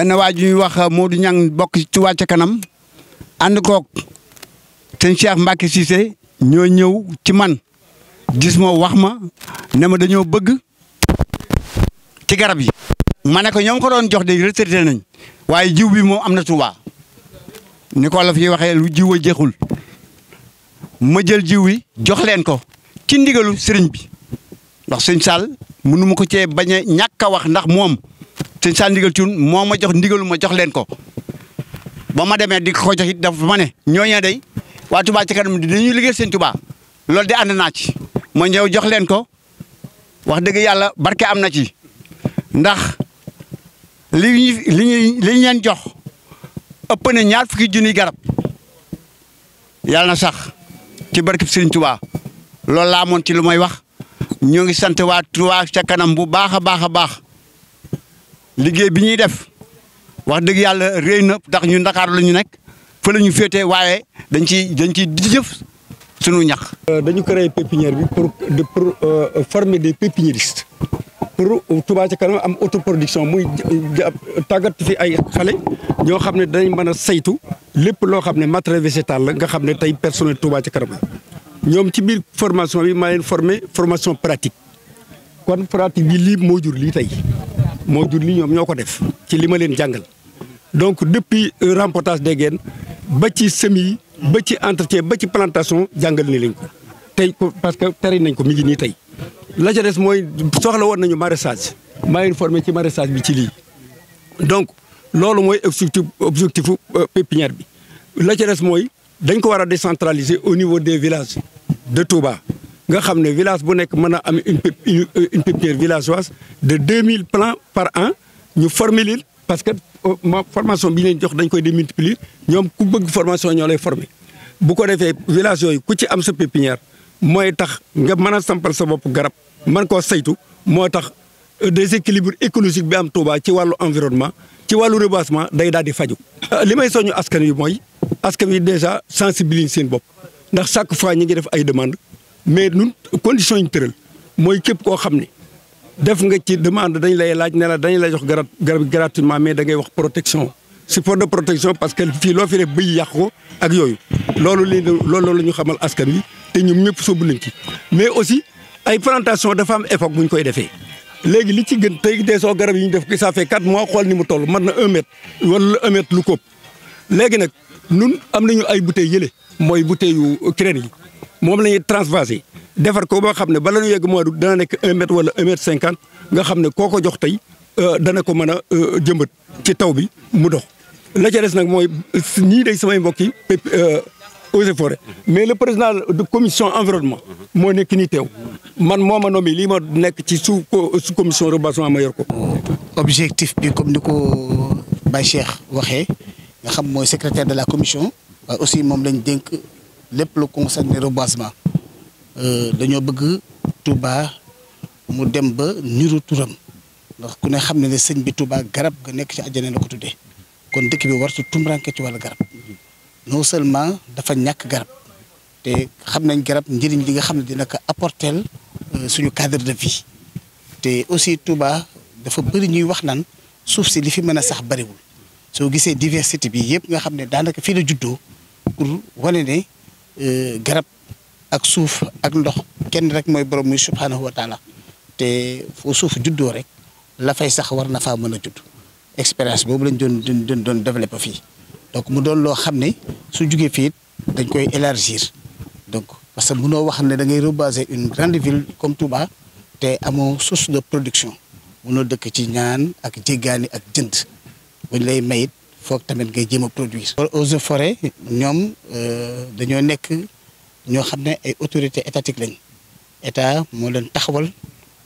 benn waa ji ñuy wax euh, Modou Niang bokk ci Touba ca kanam ànd koog sëñ Cheikh Mbacke Cissé ñoo ñëw ci man gis ma wax ma ne ma dañoo bëgg ci garab yi. ma ne ko ñoo ko doon jox de retraité nañ waaye jiw bi moo am na Touba ni ko la fi waxee lu jiw a jeexul ma jël jiw yi jox leen ko ci ndigalu sëriñ bi ndox sëñ Sall mënu ma ko cee bañ a ñàkk a wax ndax moom. te Sa Ndigal Thioune moo ma jox ndigalu ma jox leen ko ba ma demee di ko jox it dafa ma ne ñooñee day waa Touba ci kanam dañuy liggéey sëñ Touba loolu de ànd naa moo ma jox leen ko wax dëgg yàlla barke am na ci ndax li ñu li ñu jox ëpp na ñaar fukki junniy garab yàlla na sax ci barkeb sëriñ Touba loolu laa amoon ci lu may wax ñoo ngi sant waa Touba ca kanam bu baax a baax a baax liggéey bi ñuy def wax dëgg yàlla réy na ndax ñu ndakaaru lañu ñu nekk fa la ñu féetee waaye dañ ci dañ ciy jëf suñu ñax. dañu créé pépinière bi pour pour euh, former des pépiniéristes pour Touba ca kanam am autoproduction muy tàggat fi ay xale ñoo xam ne dañ mën a saytu lépp loo xam ne matériel végétal la nga xam ne tey personnel Touba ca kanam ñoom ci biir formation bi maa leen formation pratique kon pratique bi lii moo jur lii tey. moo jur li ñoom ñoo ko def ci li ma leen jàngal donc depuis euh, rempotage des gaines ba ci semis yi ba ci entretien ba ci plantation jàngal ni lañ ko tey parce que tere nañ ko mi ngi nii tey la ca des mooy soxla woon nañu maraîchage maa ngi formé ci maraîchage bi ci lii donc loolu mooy objectif objectifu euh, pépinière bi la ca des mooy dañ ko war a décentraliser au niveau des villages de Touba nga xam ne village bu nekk mën a am une euh, une pépinière villageoise de 2000 plants par an ñu former leen parce que euh, formation bi ñu jox dañ koy démultiplier ñoom ku bëgg formation ñoo lay former bu ko defee village yooyu ku ci am sa pépinière mooy tax nga mën a sampal sa bopp garab man ko saytu moo tax des euh, déséquilibre écologique bi am Touba ci wàllu environnement ci wàllu reboisement day daal di faju li may soñu askan wi mooy askan wi déjà sensibiliser seen bopp ndax chaque fois ñi ngi def ay demande mais nun condition yi ñu tëral mooy képp koo xam ne def nga ci demande dañ lay laaj ne la dañ lay jox garab garab gratuitement mais da ngay wax protection support de protection parce que fii loo fi def bëy yàq ko ak yooyu loolu li loolu la ñu xamal askan wi te ñoom ñëpp sóobu nañ ci mais aussi ay plantation dafa am époque bu ñu koy defee léegi li ci gën tey dee soo garab yi ñu def ki ça fait quatre mois xool ni mu tollu mën na un mètre wala un mètre lu kóob léegi nag nun am nañu ay bouteilles yële mooy bouteille yu crène yi moom la ñuy transvasé defar ko boo xam ne bala ñu yegg moo d'août dana nekk un mètre wala cinquante nga xam ne koo ko jox tey euh, dana ko mën a euh, jëmbat ci taw bi mu dox. la ca des nag mooy ñii day samay mbokk yi euh, eaux et forêt mais le président de commission environnement moo nekk ni tew man moo ma nommé lii ma nekk ci sous sous commission reboisement ma yor ko. objectif bi comme ni ko bay Cheikh waxee nga xam mooy secrétaire de la commission waaye aussi moom lañ dénk. lépp lu concerné reboisement euh, dañoo bëgg Touba mu dem ba niru turam ndax ku ne xam ne ne sëñ bi Touba garab ga nekk ci àjjana la ko tuddee kon dëkk bi wartu tumranke ci wàllu garab non seulement dafa ñàkk garab te xam nañ garab njëriñ li nga xam ne dina ko apporteel euh, suñu cadre de vie te aussi Touba dafa bëri ñuy wax naan suuf si li fi mën a sax bëriwul soo gisee diversité bi yëpp nga xam ne daanaka fii la juddoo pour wane ne Euh, garab ak suuf ak ndox kenn rek mooy borom muy subhaanahu wa te foo suuf juddoo rek la fay sax war na faa mën a judd expérience boobu lañ doon doon doon développé fii donc mu doon loo xam ne su jugee fii dañ koy élargir donc parce que mënoo wax ne da ngay rebaser une grande ville comme Touba te amoo source de production mënoo dëkk ci ñaan ak jéggaani ak jënd buñ lay mayit foog tamit ngay jéem a produire. eaux et forêt ñoom euh, dañoo nekk ñoo xam ne ay autorités étatique lañ état moo leen taxawal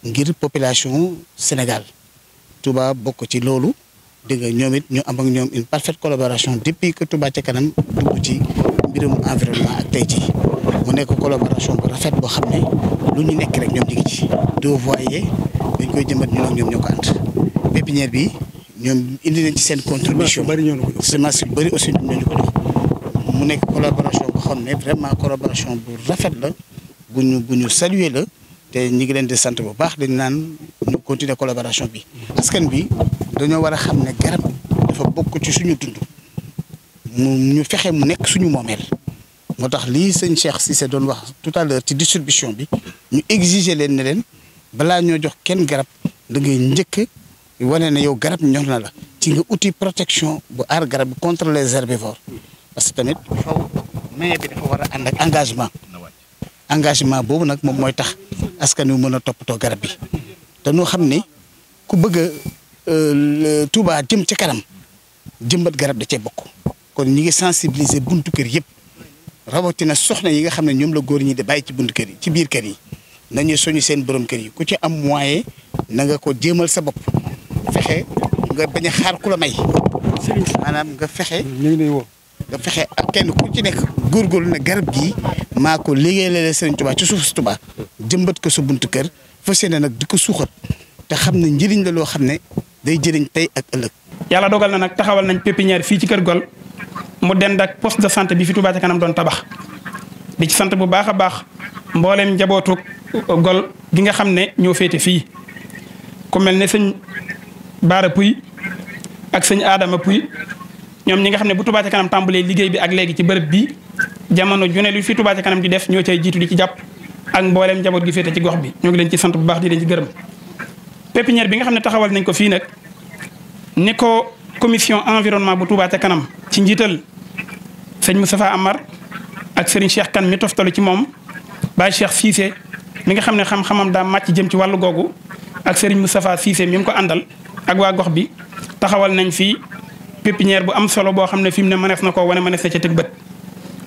ngir population Sénégal Touba bokk ci loolu dégg nga ñoom it ñu am ak ñoom une parfaite collaboration depuis que Touba ca kanam dugg ci mbirum environnement ak tey ci mu nekk collaboration bu rafet boo xam ne lu ñu nekk rek ñoom ñu ci. deux voies dañ koy jëmbat ñun ak ñoom ñoo ko ànd pépinière bi. ñoom indi nañ ci seen contribution semence yu bëri aussi ñoom ñoo ko jox mu nekk collaboration boo xam ne vraiment bu rafet la bu ñu buñu ñu la te ñi ngi leen di sant bu baax dañ naan ñu continuer collaboration bi askan bi dañoo war a xam ne garab dafa bokk ci suñu dund mu ñu fexe mu nekk suñu moomeel moo tax lii sëñ si Cissé doon wax tout à l'heure ci distribution bi ñu exiger leen ne leen balaa ñoo jox kenn garab da njëkk wane ne yow garab ñor na la ci nga outil protection bu aar garab bi contre les herbivores parce que tamit faw maye bi dafa war a ànd ak engagement engagement boobu nag moom mooy tax askan wi mën a toppatoo garab bi te noo xam ne ku bëgg a euh, Touba jëm ci kanam jëmbat garab da cee bokk kon ñi ngi sensibiliser buntu kër yëpp rawatina soxna yi nga xam ne ñoom la góor ñi di bàyyi ci buntu kër yi ci biir kër yi nañu soñu seen borom kër yi ku ci am moyen na nga ko jéemal sa bopp fexe nga bañ a xaar ku la may. maanaam nga fexe. nga fexe ak kenn ku ci nekk góorgóorlu na garab gii maa ko liggéeyal Serigne Touba ci suuf si Touba jëmbat ko sa buntu kër fas yéene nag di ko suuxat te xam ne njëriñ la loo xam ne day jëriñ tey ak ëllëg. yàlla dogal na nag taxawal nañ pépinière fii ci kër Gol mu dend ak poste de santé bi fi Touba ca kanam doon tabax di ci sant bu baax a baax mbooleem njabootu Gol gi nga xam ne ñëw féete fii ku ne sëñ baara puy ak sëñ adama puy ñoom ñi nga xam ne bu Touba ca kanam tàmbalee liggéey bi ak léegi ci bërëb bi jamono ju ne lu fi Touba kanam di def ñoo cay jiitu di ci jàpp ak mbooleem njaboot gi féete ci gox bi ñoo ngi leen ci sant bu baax di leen ci gërëm pépinière bi nga xam ne taxawal nañ ko fii nag ni ko commission environnement bu Touba kanam ci njiital sëñ Moustapha Amar ak sëriñ Cheikh kan mi toftalu ci moom Baye Cheikh Cissé mi nga xam ne xam-xamam daa màcc jëm ci wàllu googu ak sëriñ Moustapha Cissé mi mu ko àndal ak waa gox bi taxawal nañ fi pépinière bu am solo boo xam ne fi mu ne mënees na koo wane mënees na ca teg bët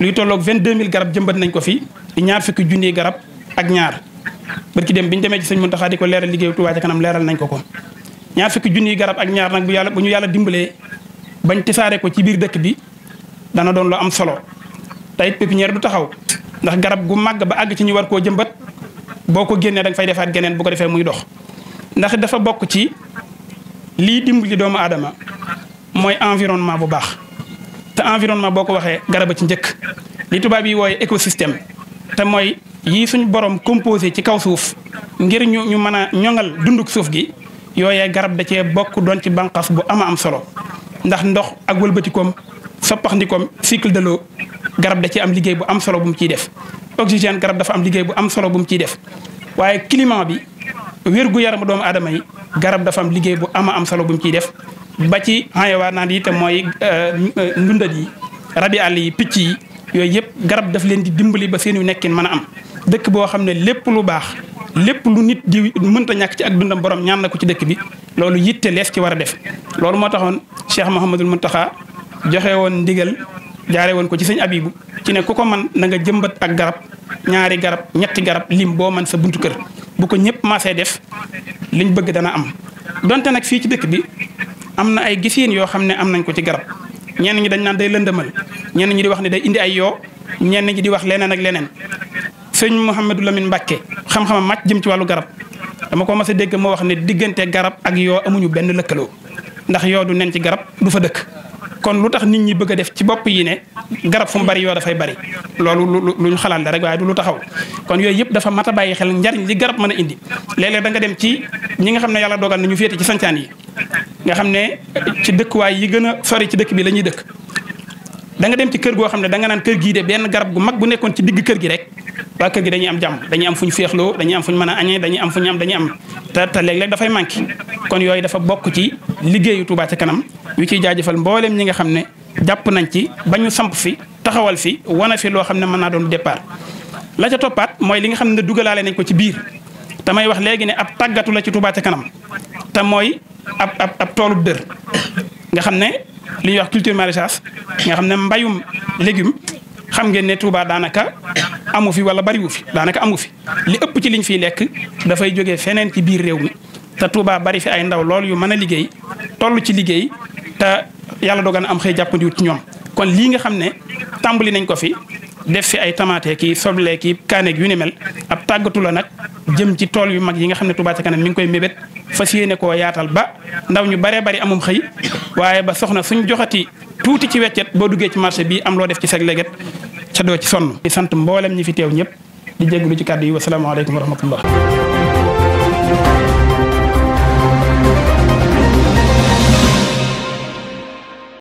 luy tolloog 22000 garab jëmbat nañ ko fi ñaar fukki junniy garab ak ñaar bërki dem bi ñu demee ci sëñ Muntaxa di ko leeral liggéeyu Tuubaa ca kanam leeral nañ ko ko ñaar fukki junniy garab ak ñaar nag bu yàlla bu ñu yàlla dimbalee bañ tisaare ko ci biir dëkk bi dana doon lu am solo tey pépinière du taxaw ndax garab gu màgg ba àgg ci ñu war koo jëmbat boo ko génnee da fay defaat geneen bu ko defee muy dox ndax dafa bokk ci lii dimbali doomu aadama mooy environnement bu baax te environnement boo ko waxee garab a ci njëkk li tubaab yi wooye écosystème te mooy yii suñu borom composé ci kaw suuf ngir ñu ñu mën a ñoŋal dunduk suuf gi yooyee garab da cee bokk doon ci bànqaas bu ama am solo ndax ndox ak wëlbatikoom soppaxndikoom cycle de l'eau garab da cee am liggéey bu am solo bu ciy def oxygène garab dafa am liggéey bu am solo bu ciy def waaye climat bi wérgu yaramu doomu aadama yi garab dafa am liggéey bu ama am solo bu mu ciy def ba ci xayawaan naan yi te mooy euh, euh, ndundat yi rabi àll yi picc yi yooyu yëpp garab daf leen di dimbali ba seen yu nekkin mën a am dëkk boo xam ne lépp lu baax lépp lu nit di mënta ñàkk ci ak dundam borom ñaan na ko ci dëkk bi loolu yitte lees ci war a def loolu moo taxoon Cheikh Mouhamadul Mountakha joxe woon ndigal jaare woon ko ci sëñ Abibu ci ne ku ko man na nga jëmbat ak garab ñaari garab ñetti garab lim boo man sa buntu kër bu ko ñëpp masee def liñ bëgg dana am donte nag fii ci dëkk bi am na ay gisiin yoo xam ne am nañ ko ci garab ñenn ñi dañ naan day lëndëmal ñenn ñi di wax ne day indi ay yoo ñenn ñi di wax leneen ak leneen sëñ Mouhamadou Lamine Mbacke xam-xamam màcc jëm ci wàllu garab dama ko mas a dégg moo wax ne diggante garab ak yoo amuñu benn lëkkaloo ndax yoo du nen ci garab du fa dëkk kon lu tax nit ñi bëgg a def ci bopp yi ne garab fu mu bari yoo dafay bari loolu lu lu ñu xalaat la rek waaye du lu taxaw kon yooyu yëpp dafa mat a bàyyi xel njariñ li garab mën a indi léeg-léeg da nga dem ci ñi nga xam ne yàlla dogal nañu féete ci sancaan yi nga xam ne ci dëkkuwaay yi gën a sori ci dëkk bi la ñuy dëkk da nga dem ci kër goo xam ne da nga naan kër gii de benn garab gu mag bu nekkoon ci digg kër gi rek waa kër gi dañuy am jàmm dañuy am fu ñu féexloo dañuy am fu ñu mën a añee dañuy am fu ñu am dañuy am te te léeg dafay manqué kon yooyu dafa bokk ci liggéeyu Touba ci kanam yu ciy jaajëfal mbooleem ñi nga xam ne jàpp nañ ci ba ñu samp fi taxawal fi wana fi loo xam ne mën naa doon départ la ca toppaat mooy li nga xam ne dugalaale nañ ko ci biir te may wax léegi ne ab tàggatu la ci Touba ca kanam te mooy ab ab toolub dër nga xam ne li ñuy wax culture maraîchage nga xam ne mbayum légume xam ngeen ne Touba daanaka amu fi wala bariwu fi daanaka amu fi li ëpp ci liñ fiy lekk dafay jóge feneen ci biir réew mi te Touba bari fi ay ndaw lool yu man a liggéey toll ci liggéey te yàlla dogal na am xëy jàppandiwut ci ñoom kon lii nga xam ne tàmbali nañ ko fi def fi ay tamaate kii soble kii kaaneeg yu ni mel ab tàggatu la nag jëm ci tool yu mag yi nga xam ne Touba ca kanam mi ngi koy mébét fas yéene koo yaatal ba ndaw ñu baree bari amum xëy waaye ba soxna suñ joxati tuuti ci weccet boo duggee ci marché bi am loo def ci sag léget ca doo ci sonn di sant mboolem ñi fi teew ñëpp di jégalu ci kàddu yi wasalaamaaleykum wa rahmatullah